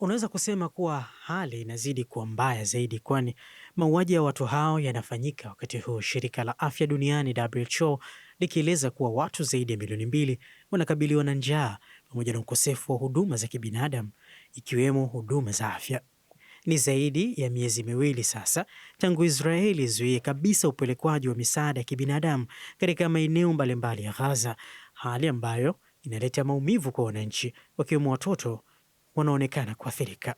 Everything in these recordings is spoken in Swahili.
Unaweza kusema kuwa hali inazidi kuwa mbaya zaidi, kwani mauaji ya watu hao yanafanyika wakati huu shirika la afya duniani WHO likieleza kuwa watu zaidi ya milioni mbili wanakabiliwa na njaa pamoja na ukosefu wa huduma za kibinadamu ikiwemo huduma za afya. Ni zaidi ya miezi miwili sasa tangu Israeli izuie kabisa upelekwaji wa misaada ya kibinadamu katika maeneo mbalimbali ya Gaza, hali ambayo inaleta maumivu kwa wananchi wakiwemo watoto wanaonekana kuathirika.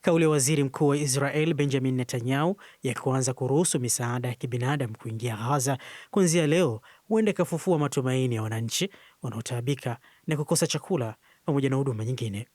Kauli ya waziri mkuu wa Israel Benjamin Netanyahu ya kuanza kuruhusu misaada ya kibinadamu kuingia Gaza kuanzia leo huenda ikafufua matumaini ya wananchi wanaotaabika na kukosa chakula pamoja na huduma nyingine.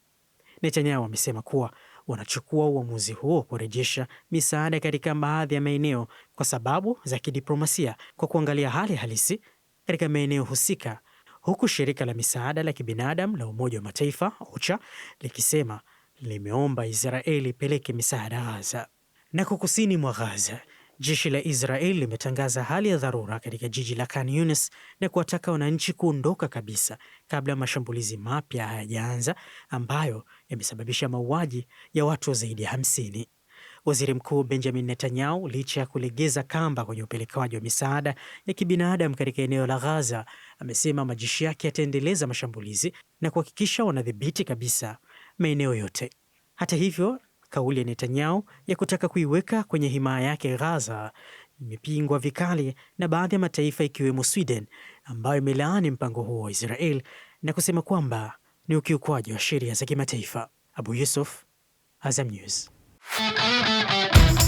Netanyahu amesema kuwa wanachukua uamuzi huo kurejesha misaada katika baadhi ya maeneo kwa sababu za kidiplomasia, kwa kuangalia hali halisi katika maeneo husika huku shirika la misaada la kibinadamu la Umoja wa Mataifa OCHA likisema limeomba Israeli ipeleke misaada Ghaza. Na kwa kusini mwa Ghaza, jeshi la Israeli limetangaza hali ya dharura katika jiji la Khan Yunis na kuwataka wananchi kuondoka kabisa kabla ya mashambulizi mapya hayajaanza ambayo yamesababisha mauaji ya watu zaidi ya 50. Waziri Mkuu Benjamin Netanyahu, licha ya kulegeza kamba kwenye upelekaji wa misaada ya kibinadamu katika eneo la Gaza, amesema majeshi yake yataendeleza mashambulizi na kuhakikisha wanadhibiti kabisa maeneo yote. Hata hivyo, kauli ya Netanyahu ya kutaka kuiweka kwenye himaya yake Gaza imepingwa vikali na baadhi ya mataifa ikiwemo Sweden ambayo imelaani mpango huo wa Israel na kusema kwamba ni ukiukwaji wa sheria za kimataifa. Abu Yusuf, Azam News. Thank you.